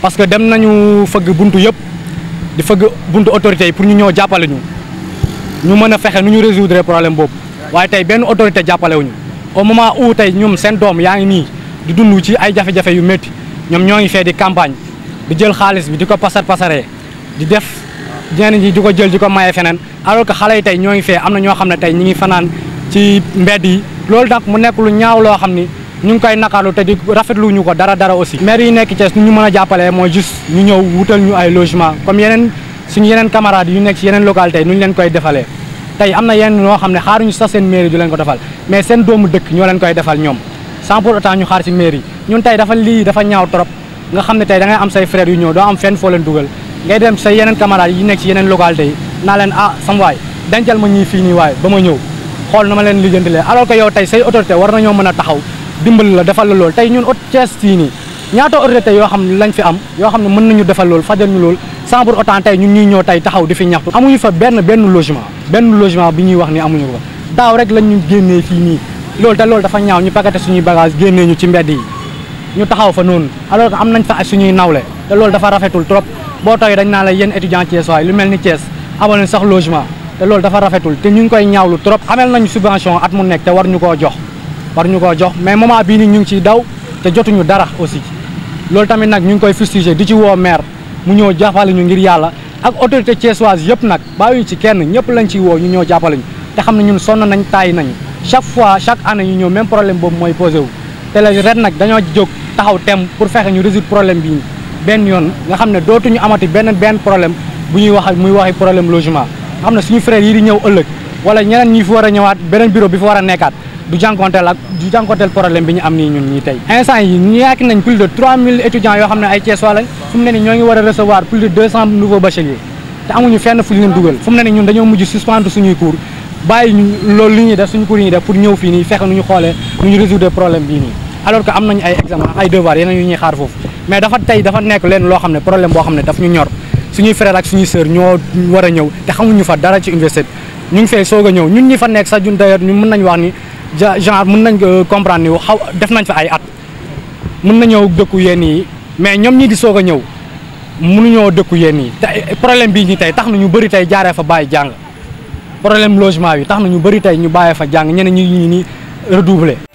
parce que dem nañu fëgg buntu yëpp di fëgg buntu autorité pour ñu ñoo jappalé ñu ñu mëna fexé ñu résoudre problème boobu waye tay benn autorité wuñu au moment où tay ñoom sen dom yaangi ni di dund ci ay jafé jafé yu metti ñom ñoo ngi fé di campagne di jël xaaliss bi di passer pasar di def ñenn ñi di jël di mayé fenen alors que xalé tay ñoo ngi fé amna ño xamné tay ñi ngi fanaan ci mbedd yi loolu mu nekk lu ñaaw lo xamni ñu ngi koy naqarlu te di rafetlu ñu ko dara dara aussi maire yi nekk Thiès ñu mën a jàppalee mooy juste ñu ñëw wutal ñu ay logement comme yeneen suñu yeneen camarades yu nekk yeneen localité nu ñu leen koy defalee tey am na yenn ñoo xam ne xaaruñu sax seen mairie du leen ko defal mais seen doomu dëkk ñoo leen koy defal ñoom sans pour autant ñu xaar ci mairie ñun tey dafa lii dafa ñaaw trop nga xam ne tey am say frères yu ñëw doo am fenn foo leen dugal ngay dem say yeneen camarades yi nekk ci yeneen localité yi naa leen ah sama waay dencal ma ñii fii nii waay ba ma ñëw xool na ma leen lijjantilee alors yow tey say autorité war nañoo mën a taxaw dimbali la defal la lool tey ñun ot Thiès fii nii ñaata autorité yoo xam ne lañ fi am yoo xam ne mën nañu defal loolu fajal ñu loolu sans pour autant tey ñun ñuy ñëw tey taxaw di fi ñaxtu amuñu fa benn benn logement benn logement bi ñuy wax ni amuñu ko daaw rek lañ ñu génnee fii nii loolu te lool dafa ñaaw ñu pakete suñuy bagage génnee ñu ci mbedd yi ñu taxaw fa noonu alors am nañ fa ay suñuy nawle te loolu dafa rafetul trop boo tawee dañ naa la yéen étudiant Thiès waaye lu mel ni Thiès amoon sax logement te loolu dafa te ñu ngi koy ñaawlu trop amel nañu subvention at mu nekk te war ñu koo jox war ñu koo jox mais moment bii nii ñu ngi ciy daw te jotuñu dara aussi loolu tamit nag ñu ngi koy fustiger di ci woo meer mu ñëw jàppale ñu ngir yàlla ak autorité thiessoise yëpp nag bàyyiñu ci kenn ñëpp lañ ciy woo ñu ñëw jàppale ñu te xam ne ñun sonn nañ tàyyi nañ chaque fois chaque année ñu ñëw même problème boobu mooy posé wu te la ren nag dañoo jog taxaw tem pour fexe ñu résoudre problème bi benn yoon nga xam ne dootuñu amati benn benn problème bu ñuy wax muy waxi problème logement nga xam suñu frère yi di ñëw ëllëg wala ñeneen ñi war a ñëwaat beneen bureau bi fi war nekkaat du jànkonteel ak du jànkonteel problème bi ñu am nii ñun ñii tey instant yi ñu yaak nañ plus de 3000 étudiants yoo xam ne ay Thiessois lañ fu ni ñoo ngi war a recevoir plus de 200 nouveaux fenn fu ñu leen dugal fu mu ni ñun dañoo mujj suspendre suñuy cours bàyyi ñuy def suñu cours yi fii nii fexe nu ñu xoolee nu ñu résoudre problème bii nii alors que am nañu ay examen ay devoir yeneen yu ñuy xaar foofu mais dafa tey dafa nekk leen loo xam ne problème boo xam ne daf ñu ñor suñuy frère ak suñuy sœur ñoo war a ñëw te xamuñu fa dara ci université ñu ngi fee soog a ñëw ñun ñu fa nekk sax jun d'ailleurs ñu mën nañ wax ni genre mën nañ ko euh, comprendre ni xaw def nañ fa ay at mun na ñëw dëkku yéen yi mais ñoom ñii di soog a ñëw mënuñoo dëkku yéen yi te eh, problème bii ñi tey tax na ñu bëri tey jaaree fa bàyyi jàng problème logement bi tax na ñu bëri tey ñu bàyyee fa jàng ñeneen ñi ñu nii redoubler